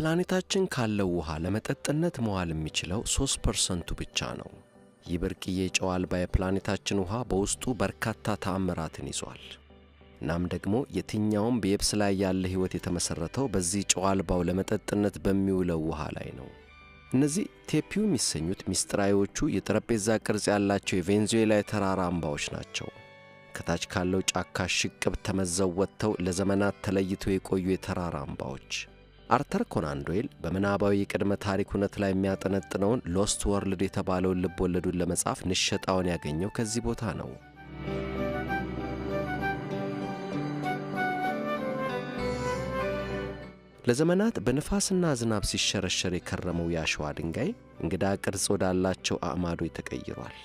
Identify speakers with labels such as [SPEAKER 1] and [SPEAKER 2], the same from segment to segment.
[SPEAKER 1] በፕላኔታችን ካለው ውሃ ለመጠጥነት መዋል የሚችለው 3 ፐርሰንቱ ብቻ ነው። ይህ ብርቅዬ ጨው አልባ የፕላኔታችን ውሃ በውስጡ በርካታ ተአምራትን ይዟል። እናም ደግሞ የትኛውም በየብስ ላይ ያለ ሕይወት የተመሠረተው በዚህ ጨው አልባው ለመጠጥነት በሚውለው ውሃ ላይ ነው። እነዚህ ቴፒው የሚሰኙት ሚስጥራዊዎቹ የጠረጴዛ ቅርጽ ያላቸው የቬንዙዌላ የተራራ አምባዎች ናቸው። ከታች ካለው ጫካ ሽቅብ ተመዘው ወጥተው ለዘመናት ተለይተው የቆዩ የተራራ አምባዎች አርተር ኮናን ዶይል በምናባዊ የቅድመ ታሪክ እውነት ላይ የሚያጠነጥነውን ሎስት ወርልድ የተባለውን ልብ ወለዱን ለመጻፍ ንሸጣውን ያገኘው ከዚህ ቦታ ነው። ለዘመናት በንፋስና ዝናብ ሲሸረሸር የከረመው የአሸዋ ድንጋይ እንግዳ ቅርጽ ወዳላቸው አዕማዶች ተቀይሯል።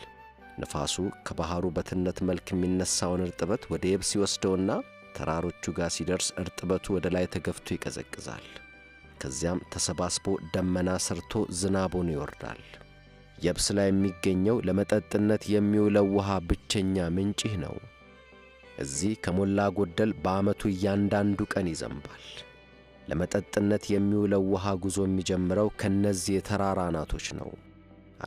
[SPEAKER 1] ንፋሱ ከባሕሩ በትነት መልክ የሚነሳውን እርጥበት ወደ የብስ ይወስደውና ተራሮቹ ጋር ሲደርስ እርጥበቱ ወደ ላይ ተገፍቶ ይቀዘቅዛል። ከዚያም ተሰባስቦ ደመና ሰርቶ ዝናቡን ይወርዳል። የብስ ላይ የሚገኘው ለመጠጥነት የሚውለው ውሃ ብቸኛ ምንጭህ ነው። እዚህ ከሞላ ጎደል በዓመቱ እያንዳንዱ ቀን ይዘንባል። ለመጠጥነት የሚውለው ውሃ ጉዞ የሚጀምረው ከእነዚህ የተራራ አናቶች ነው።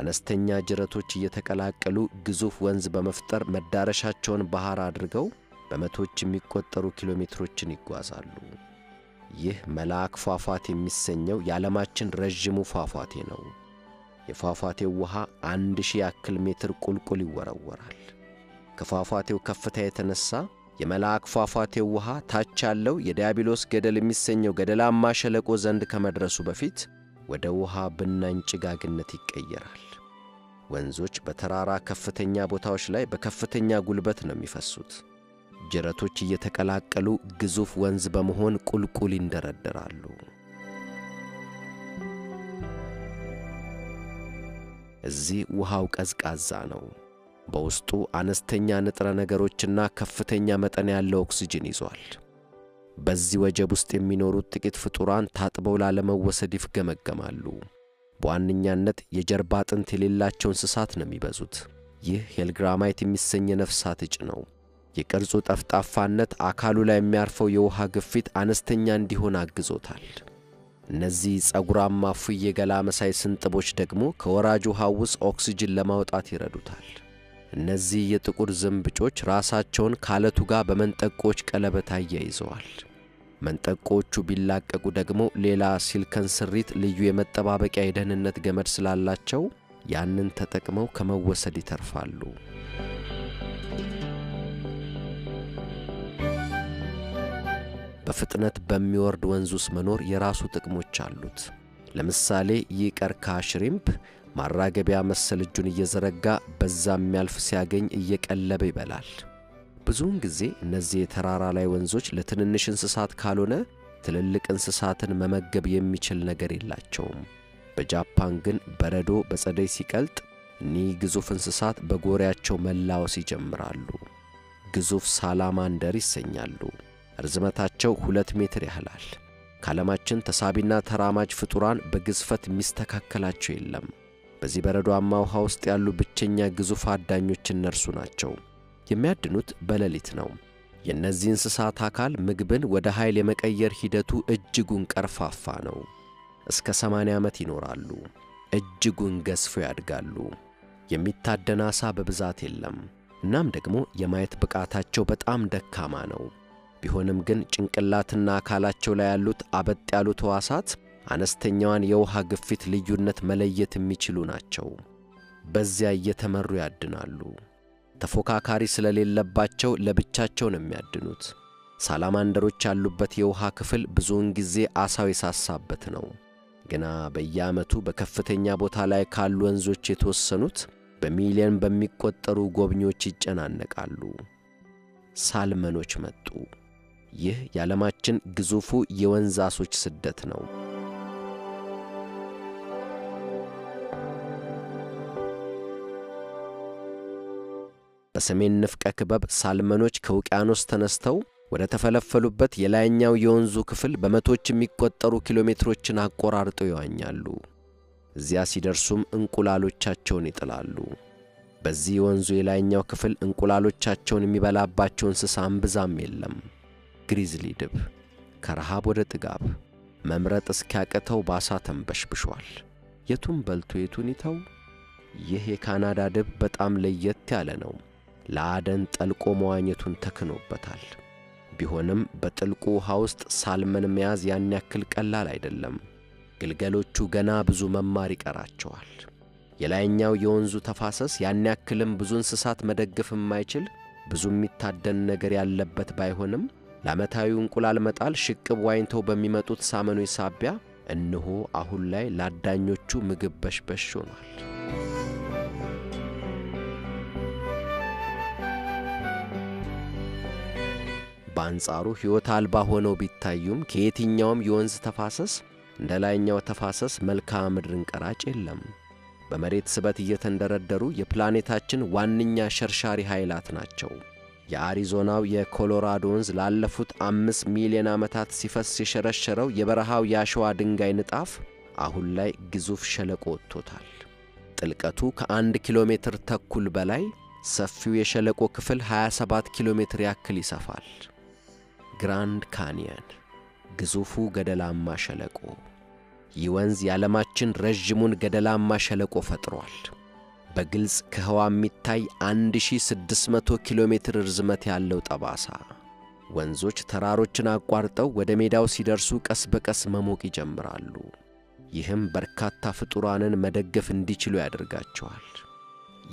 [SPEAKER 1] አነስተኛ ጅረቶች እየተቀላቀሉ ግዙፍ ወንዝ በመፍጠር መዳረሻቸውን ባሕር አድርገው በመቶዎች የሚቆጠሩ ኪሎ ሜትሮችን ይጓዛሉ። ይህ መልአክ ፏፏቴ የሚሰኘው የዓለማችን ረዥሙ ፏፏቴ ነው። የፏፏቴው ውሃ አንድ ሺህ ያክል ሜትር ቁልቁል ይወረወራል። ከፏፏቴው ከፍታ የተነሣ የመልአክ ፏፏቴው ውሃ ታች ያለው የዲያብሎስ ገደል የሚሰኘው ገደላማ ሸለቆ ዘንድ ከመድረሱ በፊት ወደ ውሃ ብናኝ ጭጋግነት ይቀየራል። ወንዞች በተራራ ከፍተኛ ቦታዎች ላይ በከፍተኛ ጉልበት ነው የሚፈሱት። ጅረቶች እየተቀላቀሉ ግዙፍ ወንዝ በመሆን ቁልቁል ይንደረደራሉ። እዚህ ውሃው ቀዝቃዛ ነው። በውስጡ አነስተኛ ንጥረ ነገሮችና ከፍተኛ መጠን ያለው ኦክስጅን ይዟል። በዚህ ወጀብ ውስጥ የሚኖሩት ጥቂት ፍጡራን ታጥበው ላለመወሰድ ይፍገመገማሉ። በዋነኛነት የጀርባ አጥንት የሌላቸው እንስሳት ነው የሚበዙት። ይህ ሄልግራማይት የሚሰኝ ነፍሳት እጭ ነው። የቅርጹ ጠፍጣፋነት አካሉ ላይ የሚያርፈው የውሃ ግፊት አነስተኛ እንዲሆን አግዞታል። እነዚህ ጸጉራማ ፉዬ ገላ መሳይ ስንጥቦች ደግሞ ከወራጅ ውሃ ውስጥ ኦክሲጅን ለማውጣት ይረዱታል። እነዚህ የጥቁር ዝንብጮች ራሳቸውን ካለቱ ጋር በመንጠቆች ቀለበት አያይዘዋል። መንጠቆቹ ቢላቀቁ ደግሞ ሌላ ሲልከን ስሪት ልዩ የመጠባበቂያ የደህንነት ገመድ ስላላቸው ያንን ተጠቅመው ከመወሰድ ይተርፋሉ። በፍጥነት በሚወርድ ወንዝ ውስጥ መኖር የራሱ ጥቅሞች አሉት። ለምሳሌ ይህ ቀርካ ሽሪምፕ ማራገቢያ መሰል እጁን እየዘረጋ በዛ የሚያልፍ ሲያገኝ እየቀለበ ይበላል። ብዙውን ጊዜ እነዚህ የተራራ ላይ ወንዞች ለትንንሽ እንስሳት ካልሆነ ትልልቅ እንስሳትን መመገብ የሚችል ነገር የላቸውም። በጃፓን ግን በረዶ በጸደይ ሲቀልጥ እኒህ ግዙፍ እንስሳት በጎሪያቸው መላወስ ይጀምራሉ። ግዙፍ ሳላማንደር ይሰኛሉ። ርዝመታቸው ሁለት ሜትር ያህላል። ከዓለማችን ተሳቢና ተራማጅ ፍጡራን በግዝፈት የሚስተካከላቸው የለም። በዚህ በረዷማ ውሃ ውስጥ ያሉ ብቸኛ ግዙፍ አዳኞች እነርሱ ናቸው። የሚያድኑት በሌሊት ነው። የእነዚህ እንስሳት አካል ምግብን ወደ ኃይል የመቀየር ሂደቱ እጅጉን ቀርፋፋ ነው። እስከ 80 ዓመት ይኖራሉ። እጅጉን ገዝፎ ያድጋሉ። የሚታደን ዓሣ በብዛት የለም። እናም ደግሞ የማየት ብቃታቸው በጣም ደካማ ነው። ቢሆንም ግን ጭንቅላትና አካላቸው ላይ ያሉት አበጥ ያሉት ሕዋሳት አነስተኛዋን የውሃ ግፊት ልዩነት መለየት የሚችሉ ናቸው። በዚያ እየተመሩ ያድናሉ። ተፎካካሪ ስለሌለባቸው ለብቻቸው ነው የሚያድኑት። ሳላማንደሮች ያሉበት የውሃ ክፍል ብዙውን ጊዜ አሳው የሳሳበት ነው። ግና በየዓመቱ በከፍተኛ ቦታ ላይ ካሉ ወንዞች የተወሰኑት በሚሊዮን በሚቆጠሩ ጎብኚዎች ይጨናነቃሉ። ሳልመኖች መጡ። ይህ የዓለማችን ግዙፉ የወንዝ ስደት ነው። በሰሜን ንፍቀ ክበብ ሳልመኖች ከውቅያኖስ ተነስተው ወደ ተፈለፈሉበት የላይኛው የወንዙ ክፍል በመቶዎች የሚቆጠሩ ኪሎ ሜትሮችን አቆራርጠው ይዋኛሉ። እዚያ ሲደርሱም እንቁላሎቻቸውን ይጥላሉ። በዚህ የወንዙ የላይኛው ክፍል እንቁላሎቻቸውን የሚበላባቸው እንስሳ እምብዛም የለም። ግሪዝሊ ድብ ከረሃብ ወደ ጥጋብ መምረጥ እስኪያቀተው ባሳ ተንበሽብሿል። የቱን በልቶ የቱን ይተው? ይህ የካናዳ ድብ በጣም ለየት ያለ ነው። ለአደን ጠልቆ መዋኘቱን ተክኖበታል። ቢሆንም በጥልቁ ውሃ ውስጥ ሳልመን መያዝ ያን ያክል ቀላል አይደለም። ግልገሎቹ ገና ብዙ መማር ይቀራቸዋል። የላይኛው የወንዙ ተፋሰስ ያን ያክልም ብዙ እንስሳት መደገፍ የማይችል ብዙ የሚታደን ነገር ያለበት ባይሆንም ለዓመታዊው እንቁላል መጣል ሽቅብ ዋኝተው በሚመጡት ሳመኖች ሳቢያ እነሆ አሁን ላይ ላዳኞቹ ምግብ በሽበሽ ሆኗል። በአንጻሩ ሕይወት አልባ ሆነው ቢታዩም ከየትኛውም የወንዝ ተፋሰስ እንደ ላይኛው ተፋሰስ መልክዓ ምድርን ቀራጭ የለም። በመሬት ስበት እየተንደረደሩ የፕላኔታችን ዋነኛ ሸርሻሪ ኃይላት ናቸው። የአሪዞናው የኮሎራዶ ወንዝ ላለፉት አምስት ሚሊዮን ዓመታት ሲፈስ የሸረሸረው የበረሃው የአሸዋ ድንጋይ ንጣፍ አሁን ላይ ግዙፍ ሸለቆ ወጥቶታል። ጥልቀቱ ከአንድ ኪሎ ሜትር ተኩል በላይ፣ ሰፊው የሸለቆ ክፍል 27 ኪሎ ሜትር ያክል ይሰፋል። ግራንድ ካንየን፣ ግዙፉ ገደላማ ሸለቆ። ይህ ወንዝ የዓለማችን ረዥሙን ገደላማ ሸለቆ ፈጥሯል። በግልጽ ከህዋ የሚታይ 1600 ኪሎ ሜትር ርዝመት ያለው ጠባሳ። ወንዞች ተራሮችን አቋርጠው ወደ ሜዳው ሲደርሱ ቀስ በቀስ መሞቅ ይጀምራሉ። ይህም በርካታ ፍጡራንን መደገፍ እንዲችሉ ያደርጋቸዋል።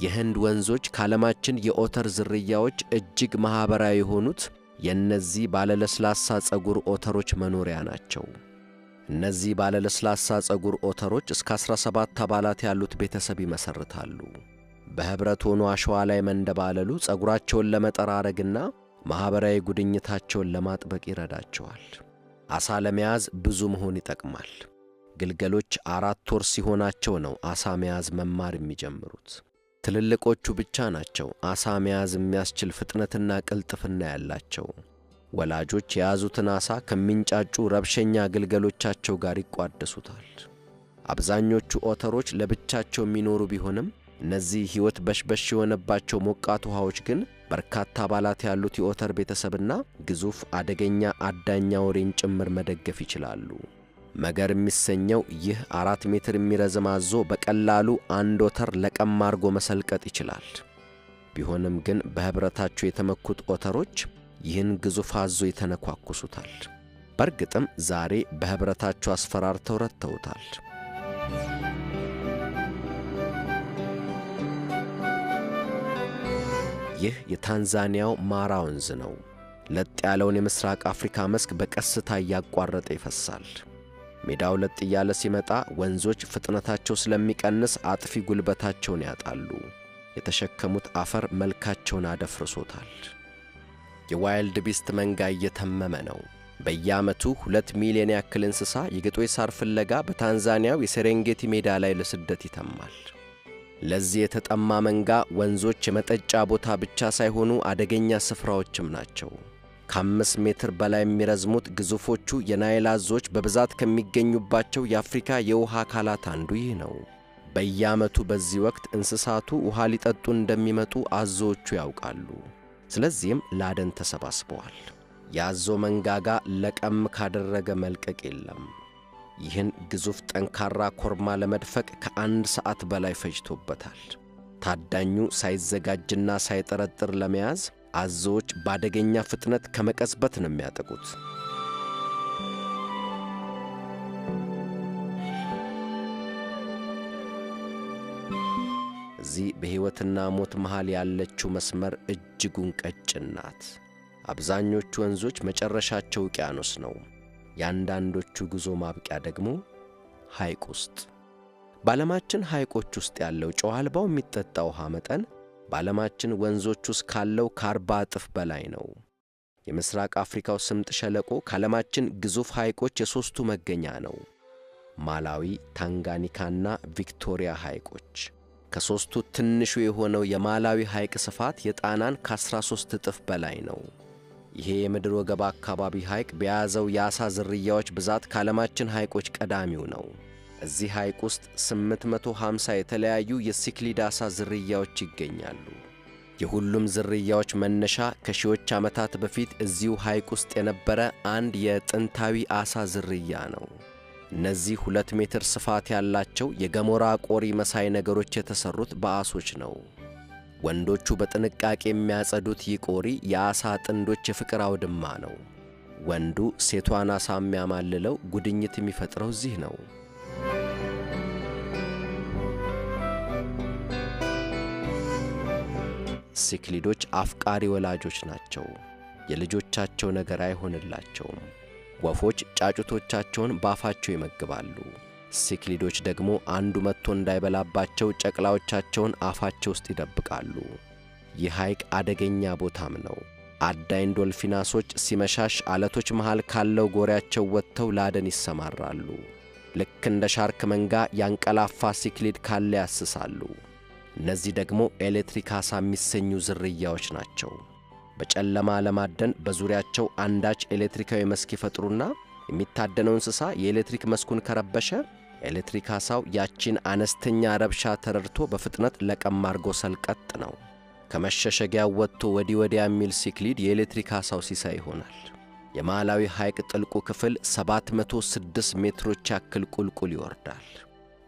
[SPEAKER 1] የህንድ ወንዞች ከዓለማችን የኦተር ዝርያዎች እጅግ ማኅበራዊ የሆኑት የእነዚህ ባለለስላሳ ፀጉር ኦተሮች መኖሪያ ናቸው። እነዚህ ባለ ለስላሳ ጸጉር ኦተሮች እስከ 17 አባላት ያሉት ቤተሰብ ይመሰርታሉ። በህብረት ሆኖ አሸዋ ላይ መንደባለሉ ጸጉራቸውን ለመጠራረግና ማኅበራዊ ጉድኝታቸውን ለማጥበቅ ይረዳቸዋል። አሳ ለመያዝ ብዙ መሆን ይጠቅማል። ግልገሎች አራት ወር ሲሆናቸው ነው አሳ መያዝ መማር የሚጀምሩት። ትልልቆቹ ብቻ ናቸው አሳ መያዝ የሚያስችል ፍጥነትና ቅልጥፍና ያላቸው። ወላጆች የያዙትን ዓሣ ከሚንጫጩ ረብሸኛ ግልገሎቻቸው ጋር ይቋደሱታል። አብዛኞቹ ኦተሮች ለብቻቸው የሚኖሩ ቢሆንም እነዚህ ሕይወት በሽበሽ የሆነባቸው ሞቃት ውሃዎች ግን በርካታ አባላት ያሉት የኦተር ቤተሰብና ግዙፍ አደገኛ አዳኛ ወሬን ጭምር መደገፍ ይችላሉ። መገር የሚሰኘው ይህ አራት ሜትር የሚረዝም አዞ በቀላሉ አንድ ኦተር ለቀም አርጎ መሰልቀጥ ይችላል። ቢሆንም ግን በኅብረታቸው የተመኩት ኦተሮች ይህን ግዙፍ አዞ የተነኳኩሱታል። በእርግጥም ዛሬ በኅብረታቸው አስፈራርተው ረድተውታል። ይህ የታንዛኒያው ማራ ወንዝ ነው። ለጥ ያለውን የምሥራቅ አፍሪካ መስክ በቀስታ እያቋረጠ ይፈሳል። ሜዳው ለጥ እያለ ሲመጣ ወንዞች ፍጥነታቸው ስለሚቀንስ አጥፊ ጉልበታቸውን ያጣሉ። የተሸከሙት አፈር መልካቸውን አደፍርሶታል። የዋይልድ ቢስት መንጋ እየተመመ ነው። በየዓመቱ ሁለት ሚሊዮን ያክል እንስሳ የግጦሽ ሳር ፍለጋ በታንዛኒያው የሴሬንጌቲ ሜዳ ላይ ለስደት ይተማል። ለዚህ የተጠማ መንጋ ወንዞች የመጠጫ ቦታ ብቻ ሳይሆኑ አደገኛ ስፍራዎችም ናቸው። ከአምስት ሜትር በላይ የሚረዝሙት ግዙፎቹ የናይል አዞዎች በብዛት ከሚገኙባቸው የአፍሪካ የውሃ አካላት አንዱ ይህ ነው። በየዓመቱ በዚህ ወቅት እንስሳቱ ውሃ ሊጠጡ እንደሚመጡ አዞዎቹ ያውቃሉ። ስለዚህም ላደን ተሰባስበዋል። የአዞ መንጋጋ ለቀም ካደረገ መልቀቅ የለም። ይህን ግዙፍ ጠንካራ ኮርማ ለመድፈቅ ከአንድ ሰዓት በላይ ፈጅቶበታል። ታዳኙ ሳይዘጋጅና ሳይጠረጥር ለመያዝ አዞዎች በአደገኛ ፍጥነት ከመቀዝበት ነው የሚያጠቁት። ስለዚህ በሕይወትና ሞት መሃል ያለችው መስመር እጅጉን ቀጭን ናት። አብዛኞቹ ወንዞች መጨረሻቸው ውቅያኖስ ነው። የአንዳንዶቹ ጉዞ ማብቂያ ደግሞ ሐይቅ ውስጥ። በዓለማችን ሐይቆች ውስጥ ያለው ጨው አልባው የሚጠጣ ውሃ መጠን በዓለማችን ወንዞች ውስጥ ካለው ከአርባ እጥፍ በላይ ነው። የምሥራቅ አፍሪካው ስምጥ ሸለቆ ከዓለማችን ግዙፍ ሐይቆች የሦስቱ መገኛ ነው። ማላዊ፣ ታንጋኒካና ቪክቶሪያ ሐይቆች ከሦስቱ ትንሹ የሆነው የማላዊ ሐይቅ ስፋት የጣናን ከ13 እጥፍ በላይ ነው። ይሄ የምድር ወገብ አካባቢ ሐይቅ በያዘው የዓሣ ዝርያዎች ብዛት ከዓለማችን ሐይቆች ቀዳሚው ነው። እዚህ ሐይቅ ውስጥ 850 የተለያዩ የሲክሊድ ዓሣ ዝርያዎች ይገኛሉ። የሁሉም ዝርያዎች መነሻ ከሺዎች ዓመታት በፊት እዚሁ ሐይቅ ውስጥ የነበረ አንድ የጥንታዊ ዓሣ ዝርያ ነው። እነዚህ ሁለት ሜትር ስፋት ያላቸው የገሞራ ቆሪ መሳይ ነገሮች የተሠሩት በአሶች ነው። ወንዶቹ በጥንቃቄ የሚያጸዱት ይህ ቆሪ የአሳ ጥንዶች የፍቅር አውድማ ነው። ወንዱ ሴቷን አሳ የሚያማልለው ጉድኝት የሚፈጥረው እዚህ ነው። ሲክሊዶች አፍቃሪ ወላጆች ናቸው። የልጆቻቸው ነገር አይሆንላቸውም። ወፎች ጫጩቶቻቸውን ባፋቸው ይመግባሉ። ሲክሊዶች ደግሞ አንዱ መጥቶ እንዳይበላባቸው ጨቅላዎቻቸውን አፋቸው ውስጥ ይደብቃሉ። ይህ ሐይቅ አደገኛ ቦታም ነው። አዳኝ ዶልፊናሶች ሲመሻሽ አለቶች መሃል ካለው ጎሪያቸው ወጥተው ላደን ይሰማራሉ። ልክ እንደ ሻርክ መንጋ ያንቀላፋ ሲክሊድ ካለ ያስሳሉ። እነዚህ ደግሞ ኤሌክትሪክ አሳ የሚሰኙ ዝርያዎች ናቸው። በጨለማ ለማደን በዙሪያቸው አንዳች ኤሌክትሪካዊ መስክ ይፈጥሩና የሚታደነው እንስሳ የኤሌክትሪክ መስኩን ከረበሸ ኤሌክትሪክ ዓሣው ያቺን አነስተኛ ረብሻ ተረድቶ በፍጥነት ለቀም አርጎ ሰልቀጥ ነው። ከመሸሸጊያው ወጥቶ ወዲህ ወዲያ የሚል ሲክሊድ የኤሌክትሪክ ዓሣው ሲሳይ ይሆናል። የማላዊ ሐይቅ ጥልቁ ክፍል 706 ሜትሮች ያክል ቁልቁል ይወርዳል።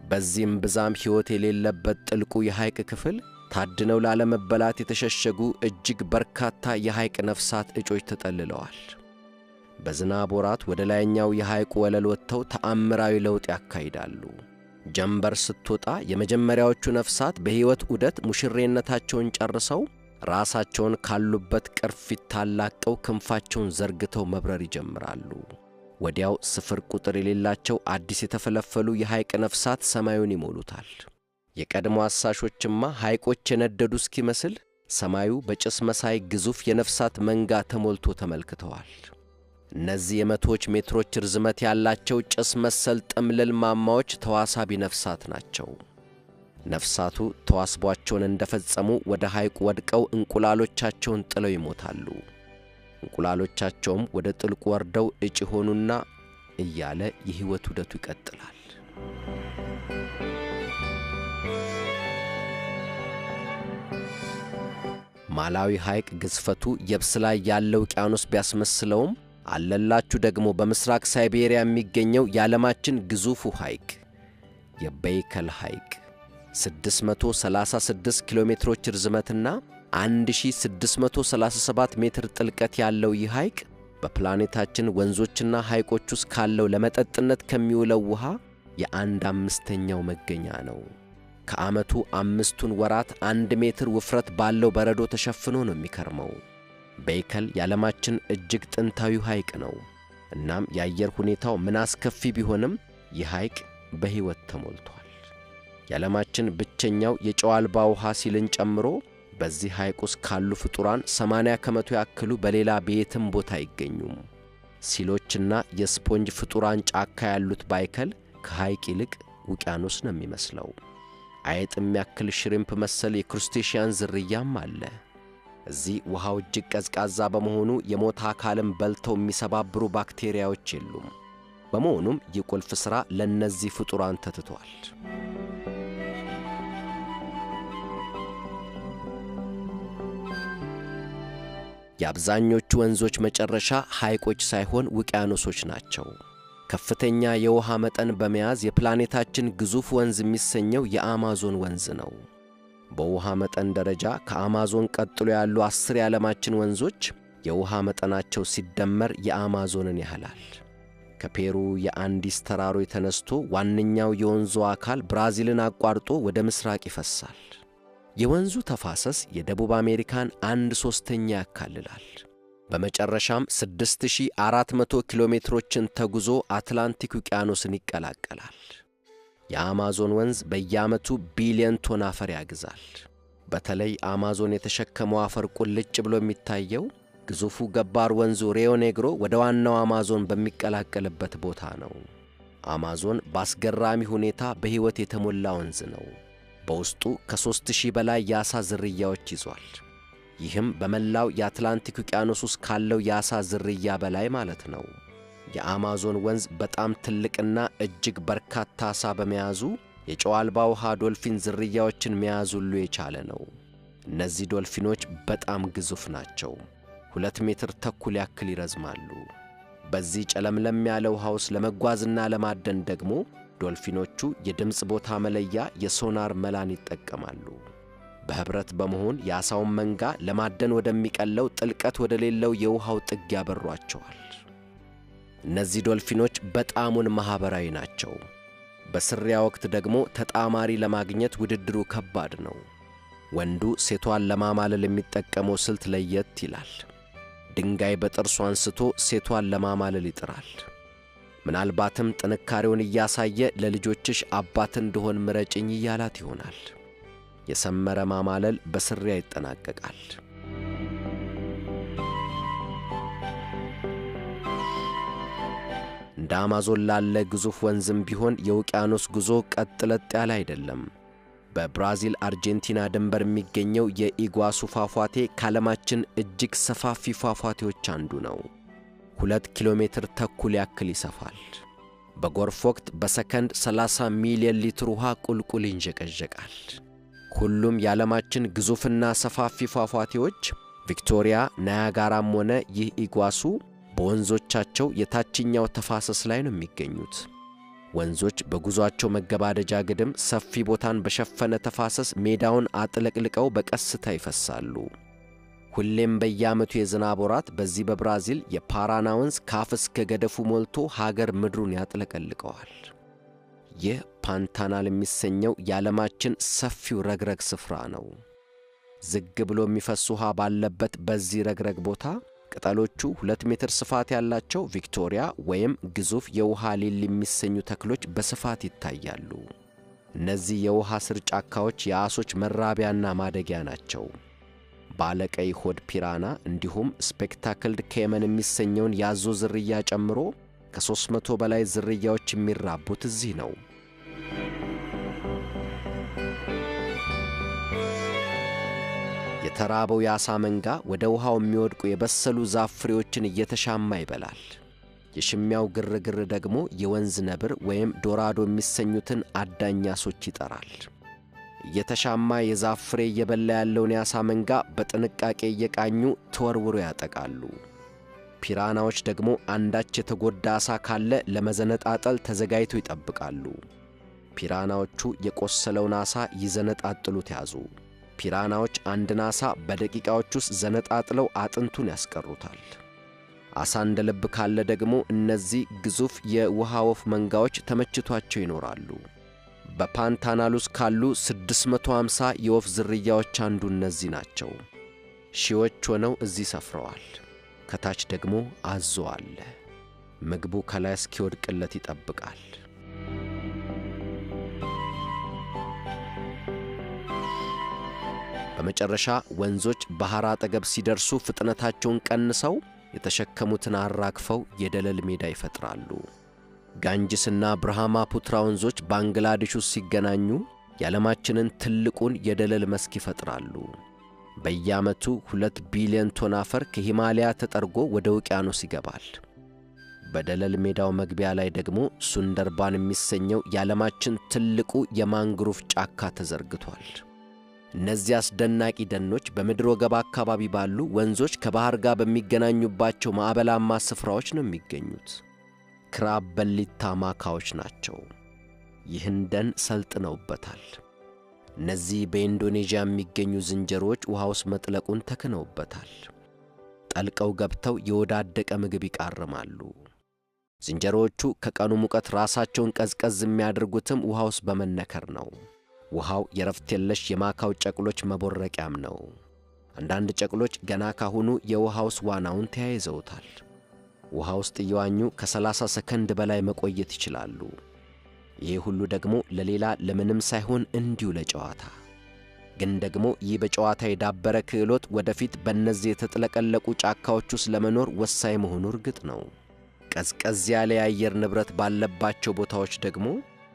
[SPEAKER 1] በዚህም ብዛም ሕይወት የሌለበት ጥልቁ የሐይቅ ክፍል ታድነው ላለመበላት የተሸሸጉ እጅግ በርካታ የሐይቅ ነፍሳት እጮች ተጠልለዋል። በዝናብ ወራት ወደ ላይኛው የሐይቁ ወለል ወጥተው ተአምራዊ ለውጥ ያካሂዳሉ። ጀንበር ስትወጣ የመጀመሪያዎቹ ነፍሳት በሕይወት ዑደት ሙሽሬነታቸውን ጨርሰው ራሳቸውን ካሉበት ቅርፊት ታላቀው ክንፋቸውን ዘርግተው መብረር ይጀምራሉ። ወዲያው ስፍር ቁጥር የሌላቸው አዲስ የተፈለፈሉ የሐይቅ ነፍሳት ሰማዩን ይሞሉታል። የቀድሞ አሳሾችማ ሐይቆች የነደዱ እስኪመስል ሰማዩ በጭስ መሳይ ግዙፍ የነፍሳት መንጋ ተሞልቶ ተመልክተዋል። እነዚህ የመቶዎች ሜትሮች ርዝመት ያላቸው ጭስ መሰል ጥምልል ማማዎች ተዋሳቢ ነፍሳት ናቸው። ነፍሳቱ ተዋስቧቸውን እንደፈጸሙ ወደ ሐይቁ ወድቀው እንቁላሎቻቸውን ጥለው ይሞታሉ። እንቁላሎቻቸውም ወደ ጥልቁ ወርደው እጭ ሆኑና እያለ የሕይወት ውደቱ ይቀጥላል። ማላዊ ሐይቅ ግዝፈቱ የብስ ላይ ያለ ውቅያኖስ ቢያስመስለውም አለላችሁ ደግሞ በምስራቅ ሳይቤሪያ የሚገኘው የዓለማችን ግዙፉ ሐይቅ የበይከል ሐይቅ 636 ኪሎ ሜትሮች ርዝመትና 1637 ሜትር ጥልቀት ያለው ይህ ሐይቅ በፕላኔታችን ወንዞችና ሐይቆች ውስጥ ካለው ለመጠጥነት ከሚውለው ውሃ የአንድ አምስተኛው መገኛ ነው። ከዓመቱ አምስቱን ወራት አንድ ሜትር ውፍረት ባለው በረዶ ተሸፍኖ ነው የሚከርመው። በይከል የዓለማችን እጅግ ጥንታዊ ሐይቅ ነው። እናም የአየር ሁኔታው ምን አስከፊ ቢሆንም ይህ ሐይቅ በሕይወት ተሞልቷል። የዓለማችን ብቸኛው የጨው አልባ ውሃ ሲልን ጨምሮ በዚህ ሐይቅ ውስጥ ካሉ ፍጡራን 80 ከመቶ ያክሉ በሌላ በየትም ቦታ አይገኙም። ሲሎችና የስፖንጅ ፍጡራን ጫካ ያሉት ባይከል ከሐይቅ ይልቅ ውቅያኖስ ነው የሚመስለው። አይጥ የሚያክል ሽሪምፕ መሰል የክሩስቴሽያን ዝርያም አለ። እዚህ ውሃው እጅግ ቀዝቃዛ በመሆኑ የሞተ አካልን በልተው የሚሰባብሩ ባክቴሪያዎች የሉም። በመሆኑም ይህ ቁልፍ ሥራ ለእነዚህ ፍጡራን ተትቷል። የአብዛኞቹ ወንዞች መጨረሻ ሐይቆች ሳይሆን ውቅያኖሶች ናቸው። ከፍተኛ የውሃ መጠን በመያዝ የፕላኔታችን ግዙፍ ወንዝ የሚሰኘው የአማዞን ወንዝ ነው። በውሃ መጠን ደረጃ ከአማዞን ቀጥሎ ያሉ አስር የዓለማችን ወንዞች የውሃ መጠናቸው ሲደመር የአማዞንን ያህላል። ከፔሩ የአንዲስ ተራሮ ተነስቶ ዋነኛው የወንዙ አካል ብራዚልን አቋርጦ ወደ ምስራቅ ይፈሳል። የወንዙ ተፋሰስ የደቡብ አሜሪካን አንድ ሦስተኛ ያካልላል። በመጨረሻም 6400 ኪሎ ሜትሮችን ተጉዞ አትላንቲክ ውቅያኖስን ይቀላቀላል። የአማዞን ወንዝ በየዓመቱ ቢሊዮን ቶን አፈር ያግዛል። በተለይ አማዞን የተሸከመው አፈር ቁልጭ ብሎ የሚታየው ግዙፉ ገባር ወንዙ ሪዮ ኔግሮ ወደ ዋናው አማዞን በሚቀላቀልበት ቦታ ነው። አማዞን በአስገራሚ ሁኔታ በሕይወት የተሞላ ወንዝ ነው። በውስጡ ከሦስት ሺህ በላይ የዓሣ ዝርያዎች ይዟል። ይህም በመላው የአትላንቲክ ውቅያኖስ ውስጥ ካለው የዓሣ ዝርያ በላይ ማለት ነው። የአማዞን ወንዝ በጣም ትልቅና እጅግ በርካታ ዓሣ በመያዙ የጨው አልባ ውሃ ዶልፊን ዝርያዎችን መያዝ ሁሉ የቻለ ነው። እነዚህ ዶልፊኖች በጣም ግዙፍ ናቸው። ሁለት ሜትር ተኩል ያክል ይረዝማሉ። በዚህ ጨለምለም ያለ ውሃ ውስጥ ለመጓዝና ለማደን ደግሞ ዶልፊኖቹ የድምፅ ቦታ መለያ የሶናር መላን ይጠቀማሉ። በህብረት በመሆን የአሳውን መንጋ ለማደን ወደሚቀለው ጥልቀት ወደሌለው የውሃው ጥግ ያበሯቸዋል። እነዚህ ዶልፊኖች በጣሙን ማኅበራዊ ናቸው። በስሪያ ወቅት ደግሞ ተጣማሪ ለማግኘት ውድድሩ ከባድ ነው። ወንዱ ሴቷን ለማማለል የሚጠቀመው ስልት ለየት ይላል። ድንጋይ በጥርሱ አንስቶ ሴቷን ለማማለል ይጥራል። ምናልባትም ጥንካሬውን እያሳየ ለልጆችሽ አባት እንደሆን ምረጭኝ እያላት ይሆናል። የሰመረ ማማለል በስሪያ ይጠናቀቃል። እንደ አማዞን ላለ ግዙፍ ወንዝም ቢሆን የውቅያኖስ ጉዞ ቀጥ ለጥ ያለ አይደለም። በብራዚል አርጀንቲና ድንበር የሚገኘው የኢጓሱ ፏፏቴ ከዓለማችን እጅግ ሰፋፊ ፏፏቴዎች አንዱ ነው። ሁለት ኪሎ ሜትር ተኩል ያክል ይሰፋል። በጎርፍ ወቅት በሰከንድ 30 ሚሊዮን ሊትር ውሃ ቁልቁል ይንዠቀዠቃል። ሁሉም የዓለማችን ግዙፍና ሰፋፊ ፏፏቴዎች ቪክቶሪያ፣ ናያጋራም ሆነ ይህ ኢጓሱ በወንዞቻቸው የታችኛው ተፋሰስ ላይ ነው የሚገኙት። ወንዞች በጉዟቸው መገባደጃ ግድም ሰፊ ቦታን በሸፈነ ተፋሰስ ሜዳውን አጥለቅልቀው በቀስታ ይፈሳሉ። ሁሌም በየዓመቱ የዝናብ ወራት በዚህ በብራዚል የፓራና ወንዝ ከአፍ እስከ ገደፉ ሞልቶ ሀገር ምድሩን ያጥለቀልቀዋል። ይህ ፓንታናል የሚሰኘው የዓለማችን ሰፊው ረግረግ ስፍራ ነው። ዝግ ብሎ የሚፈስ ውሃ ባለበት በዚህ ረግረግ ቦታ ቅጠሎቹ ሁለት ሜትር ስፋት ያላቸው ቪክቶሪያ ወይም ግዙፍ የውሃ ሊል የሚሰኙ ተክሎች በስፋት ይታያሉ። እነዚህ የውሃ ስር ጫካዎች የአሶች መራቢያና ማደጊያ ናቸው። ባለቀይ ሆድ ፒራና እንዲሁም ስፔክታክልድ ኬመን የሚሰኘውን የአዞ ዝርያ ጨምሮ ከሦስት መቶ በላይ ዝርያዎች የሚራቡት እዚህ ነው። የተራበው የዓሣ መንጋ ወደ ውሃው የሚወድቁ የበሰሉ ዛፍ ፍሬዎችን እየተሻማ ይበላል። የሽሚያው ግርግር ደግሞ የወንዝ ነብር ወይም ዶራዶ የሚሰኙትን አዳኝ አሶች ይጠራል። እየተሻማ የዛፍ ፍሬ እየበላ ያለውን የዓሣ መንጋ በጥንቃቄ እየቃኙ ተወርውሮ ያጠቃሉ። ፒራናዎች ደግሞ አንዳች የተጎዳ ዓሣ ካለ ለመዘነጣጠል ተዘጋጅተው ይጠብቃሉ። ፒራናዎቹ የቆሰለውን ዓሣ ይዘነጣጥሉት ያዙ። ፒራናዎች አንድን ዓሣ በደቂቃዎች ውስጥ ዘነጣጥለው አጥንቱን ያስቀሩታል። ዓሣ እንደ ልብ ካለ ደግሞ እነዚህ ግዙፍ የውሃ ወፍ መንጋዎች ተመችቷቸው ይኖራሉ። በፓንታናሉስ ካሉ 650 የወፍ ዝርያዎች አንዱ እነዚህ ናቸው። ሺዎች ሆነው እዚህ ሰፍረዋል። ከታች ደግሞ አዞ አለ። ምግቡ ከላይ እስኪወድቅለት ይጠብቃል። በመጨረሻ ወንዞች ባሕር አጠገብ ሲደርሱ ፍጥነታቸውን ቀንሰው የተሸከሙትን አራግፈው የደለል ሜዳ ይፈጥራሉ። ጋንጅስና ብርሃማ ፑትራ ወንዞች ባንግላዴሽ ውስጥ ሲገናኙ የዓለማችንን ትልቁን የደለል መስክ ይፈጥራሉ። በየዓመቱ ሁለት ቢሊዮን ቶን አፈር ከሂማሊያ ተጠርጎ ወደ ውቅያኖስ ይገባል። በደለል ሜዳው መግቢያ ላይ ደግሞ ሱንደርባን የሚሰኘው የዓለማችን ትልቁ የማንግሩፍ ጫካ ተዘርግቷል። እነዚህ አስደናቂ ደኖች በምድር ወገብ አካባቢ ባሉ ወንዞች ከባህር ጋር በሚገናኙባቸው ማዕበላማ ስፍራዎች ነው የሚገኙት። ክራብ በሊታ ማካዎች ናቸው። ይህን ደን ሰልጥነውበታል። እነዚህ በኢንዶኔዥያ የሚገኙ ዝንጀሮዎች ውሃ ውስጥ መጥለቁን ተክነውበታል። ጠልቀው ገብተው የወዳደቀ ምግብ ይቃርማሉ። ዝንጀሮዎቹ ከቀኑ ሙቀት ራሳቸውን ቀዝቀዝ የሚያደርጉትም ውሃ ውስጥ በመነከር ነው። ውሃው የረፍት የለሽ የማካው ጨቅሎች መቦረቂያም ነው። አንዳንድ ጨቅሎች ገና ካሁኑ የውሃ ውስጥ ዋናውን ተያይዘውታል። ውሃ ውስጥ እየዋኙ ከ30 ሰከንድ በላይ መቆየት ይችላሉ። ይህ ሁሉ ደግሞ ለሌላ ለምንም ሳይሆን እንዲሁ ለጨዋታ ግን ደግሞ ይህ በጨዋታ የዳበረ ክህሎት ወደፊት በእነዚህ የተጥለቀለቁ ጫካዎች ውስጥ ለመኖር ወሳኝ መሆኑ እርግጥ ነው። ቀዝቀዝ ያለ የአየር ንብረት ባለባቸው ቦታዎች ደግሞ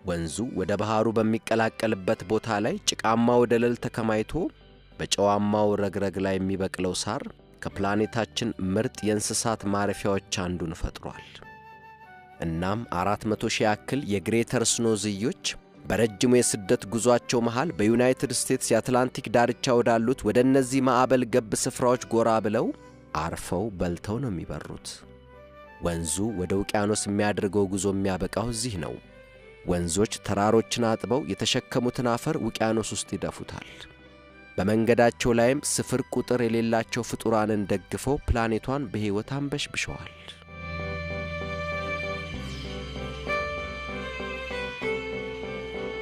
[SPEAKER 1] ወንዙ ወደ ባህሩ በሚቀላቀልበት ቦታ ላይ ጭቃማው ወደለል ተከማይቶ በጨዋማው ረግረግ ላይ የሚበቅለው ሳር ከፕላኔታችን ምርጥ የእንስሳት ማረፊያዎች አንዱን ፈጥሯል። እናም 400 ሺህ ያክል የግሬተር ስኖዝዮች በረጅሙ የስደት ጉዟቸው መሃል በዩናይትድ ስቴትስ የአትላንቲክ ዳርቻ ወዳሉት ወደ እነዚህ ማዕበል ገብ ስፍራዎች ጎራ ብለው አርፈው በልተው ነው የሚበሩት። ወንዙ ወደ ውቅያኖስ የሚያደርገው ጉዞ የሚያበቃው እዚህ ነው። ወንዞች ተራሮችን አጥበው የተሸከሙትን አፈር ውቅያኖስ ውስጥ ይደፉታል። በመንገዳቸው ላይም ስፍር ቁጥር የሌላቸው ፍጡራንን ደግፈው ፕላኔቷን በሕይወት አንበሽብሸዋል።